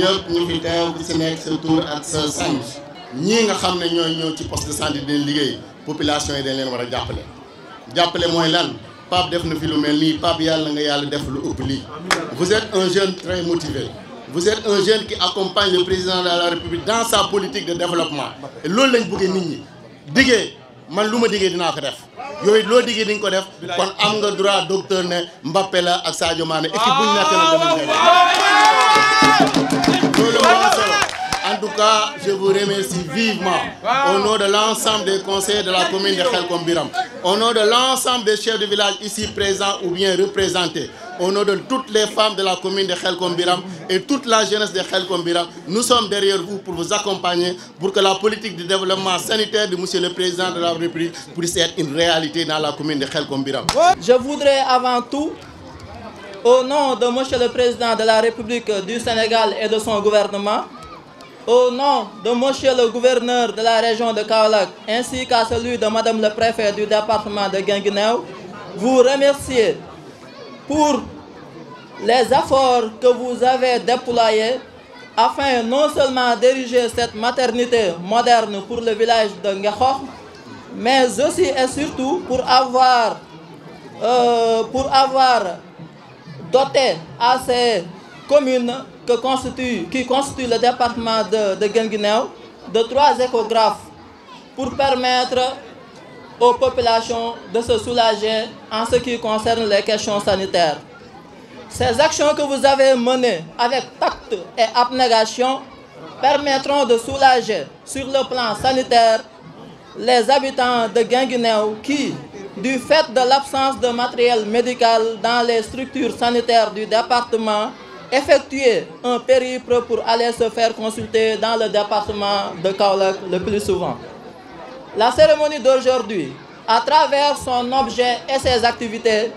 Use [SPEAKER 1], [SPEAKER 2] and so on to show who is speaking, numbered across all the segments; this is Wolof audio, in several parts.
[SPEAKER 1] ñëpp ñu fi teew ku si nekk sa tour ak sa sant ñi nga xam ñoy ñooy ñëw ci poste de santé dañ leen liggéey population yi dañ leen wara jappalé jappalé moy mooy lan Pape def na fi lu melni nii Pape yàlla nga yalla def lu ëpp lii vous êtes un jeune très motivé vous êtes un jeune qui accompagne le président de la République dans sa politique de développement et loolu lañ bëggee nit ñi diggé man luma diggé dina ko def yooyu loo diggee di nga ko def kon am nga droit docteur ne Mbappé la ak Sadio Mané équipe bu ñu nekk
[SPEAKER 2] na
[SPEAKER 1] en tout cas, je vous remercie vivement au nom de l'ensemble des conseillers de la commune de Khelkombiram, au nom de l'ensemble des chefs de village ici présents ou bien représentés, au nom de toutes les femmes de la commune de Khelkombiram et toute la jeunesse de Khelkombiram. Nous sommes derrière vous pour vous accompagner, pour que la politique de développement sanitaire de M. le Président de la
[SPEAKER 3] République puisse être une réalité dans la commune de Khelkombiram. Je voudrais avant tout au nom de Monsieur le Président de la République du Sénégal et de son gouvernement, au nom de Monsieur le Gouverneur de la région de Kaolak ainsi qu'à celui de Madame le Préfet du département de Guinguinéo, vous remercier pour les efforts que vous avez déployés afin non seulement d'ériger cette maternité moderne pour le village de Ngakhokh, mais aussi et surtout pour avoir, euh, pour avoir doté à ces communes qui constituent le département de, de de trois échographes pour permettre aux populations de se soulager en ce qui concerne les questions sanitaires. Ces actions que vous avez menées avec tact et abnégation permettront de soulager sur le plan sanitaire les habitants de Guinguinéo qui, du fait de l'absence de matériel médical dans les structures sanitaires du département, effectuer un périple pour aller se faire consulter dans le département de Kaolack le plus souvent. La cérémonie d'aujourd'hui, à travers son objet et ses activités,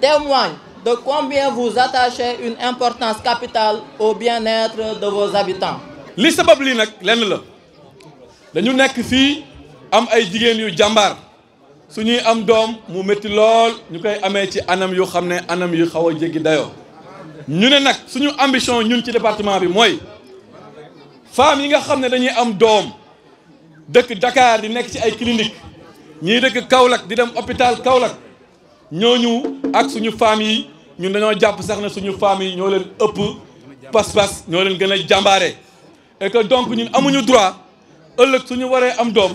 [SPEAKER 3] témoigne de combien vous attachez une importance capitale au bien-être de vos habitants.
[SPEAKER 2] li sabab li su ñuy am doom mu métti lool ñu koy amee ci anam yu xam ne anam yu xaw a jéggi dayoo ñu ne nag suñu ambition ñun ci département bi mooy femmes yi nga xam ne dañuy am doom dëkk Dakar di nekk ci ay clinique ñii dëkk Kaolack di dem hôpital Kaolack ñooñu ak suñu femmes yi ñun dañoo jàpp sax ne suñu femmes yi ñoo leen ëpp pas-pas ñoo leen gën a jàmbaare et que donc ñun amuñu droit ëllëg suñu waree am doom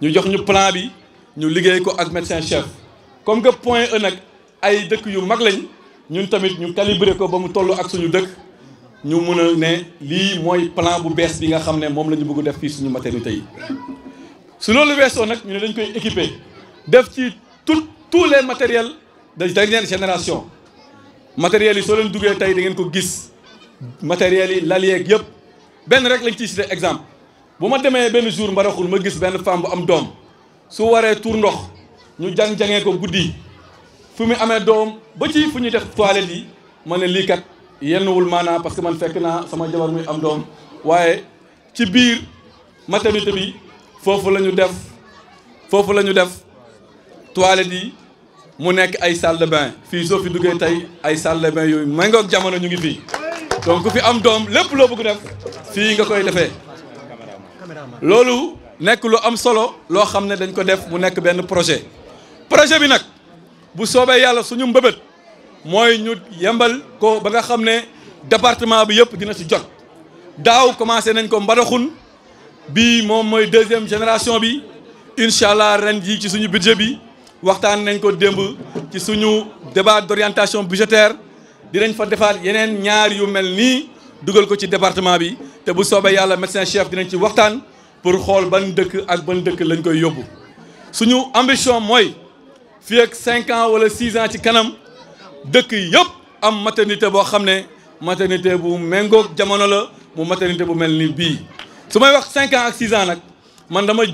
[SPEAKER 2] ñu jox ñu plan bi ñu liggéey médecin chef comme que point E nag ay dëkk yu mag lañ ñun tamit ñu calibré ko ba mu toll ak suñu dëkk ñu plan bu bees bi nga xam ne moom la def fii suñu maternité su loolu weesoo nag ñu ne tous les matériels de dernière génération matériels yi soo leen duggee tey da ko gis matériels yi lal exemple bu ma demee benn jour mbaraxul ma gis benn femme bu am doom su waree tuur ndox ñu jang-jangee ko guddi fu muy amee doom ba ci fu ñuy def toilette yi ma ne lii kat yennuwul maanaa parce que man fekk naa sama jabar muy am doom waaye ci biir maternité bi foofu la ñu def foofu la ñu def toilette yi mu nekk ay salle fii soo fi duggee tey ay salle yooyu bain yooyu méngoog jamono ñu ngi fii donc ku fi am doom lépp loo bugg def fii nga koy defee loolu nekk lu am solo loo xam ne dañ ko def mu nekk benn projet projet bi nag bu soobee yàlla suñu mbëbët mooy ñu yembal ko ba nga xam ne département bi yëpp dina ci jot daaw commencé nañ ko mbadaxun bi moom mooy deuxième génération bi incha allah ren jii ci suñu budget bi waxtaan nañ ko démb ci suñu débat d'orientation budgétaire dinañ fa defaat yeneen ñaar yu mel nii dugal ko ci département bi vous bu soobee le médecin chef va ci parler pour voir ban ak ban lañ koy ambition ans ou 6 ans ci kanam am maternité La maternité bu Mengo la maternité bu Melni Bi. Si ans ou 6 ans man dama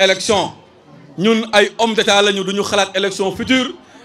[SPEAKER 2] élection ñun ay homme élection future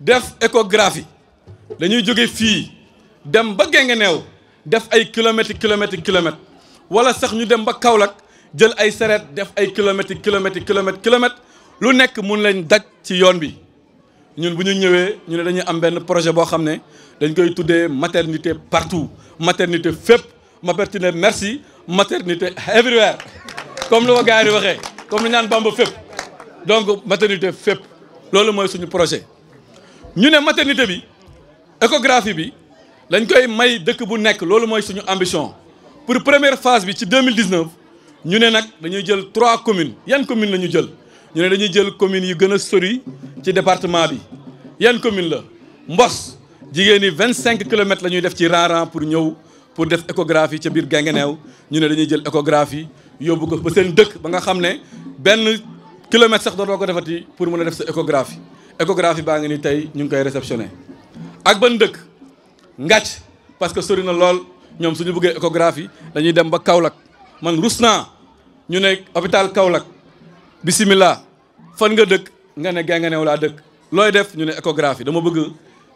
[SPEAKER 2] def échographie dañuy Nous fi dem ba def ay kilomètres kilomètres kilomètres wala sax ñu dem ba Kaolack jël ay def ay kilomètres kilomètres kilomètres kilomètres lu nekk nous, lañ daj ci yoon bi ñun ñu dañuy am projet qui xamné dañ koy maternité partout maternité nous, maternité merci maternité everywhere comme lu ma nous, comme ñaan Bamba nous, donc maternité fep nous, moy suñu projet ñu ne maternité bi échographie bi lañ koy may dëkk bu nekk loolu mooy suñu ambition pour première phase bi ci 2019 ñu ne nag dañuy jël trois communes yan communes la ñu jël ñu ne dañuy jël communes yi gën a sori ci département bi yan communes la Mbos jigéen ñi vingt cinq kilomètres la ñuy def ci Rarang pour ñëw pour def échographie ca biir Guinguinéo ñu ne dañuy jël échographie yóbbu ko ba seen dëkk ba nga xam ne benn kilomètre sax dootoo ko defati pour mën a def sa échographie échographie baa ngi ni tey ñu ngi koy réceptionné ak ban dëkk ngàcc parce que sori na lool ñoom suñu bëggee échographie dañuy dem ba Kaolack man rus naa ñu ne hôpital Kaolack bisimilah fan nga dëkk nga ne Guinguinéo laa dëkk looy def ñu ne échographie dama bëgg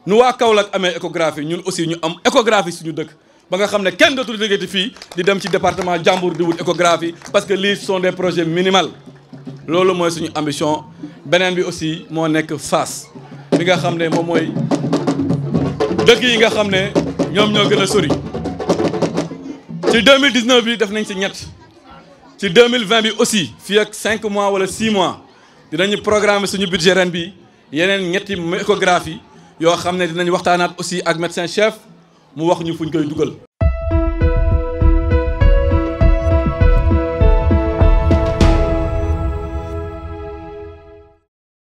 [SPEAKER 2] nu waa Kaolack amee échographie ñun aussi ñu am échographie suñu dëkk ba nga xam ne kenn dootul jógeeti fii di dem ci département jàmbur di wut échographie parce que lii sont des projets minimaux loolu moy suñu ambition benen bi aussi mo nek Fass mi nga xamné ne moy deug yi nga xamné ñom ñoo gëna sori ci 2019 bi def nañ ci ñet ci 2020 bi aussi fi ak 5 mois wala 6 mois dinañu programmer suñu budget ren bi yeneen ñetti échographie yo xamné ne dinañ waxtanaat aussi ak médecin chef mu wax ñu fuñ koy duggal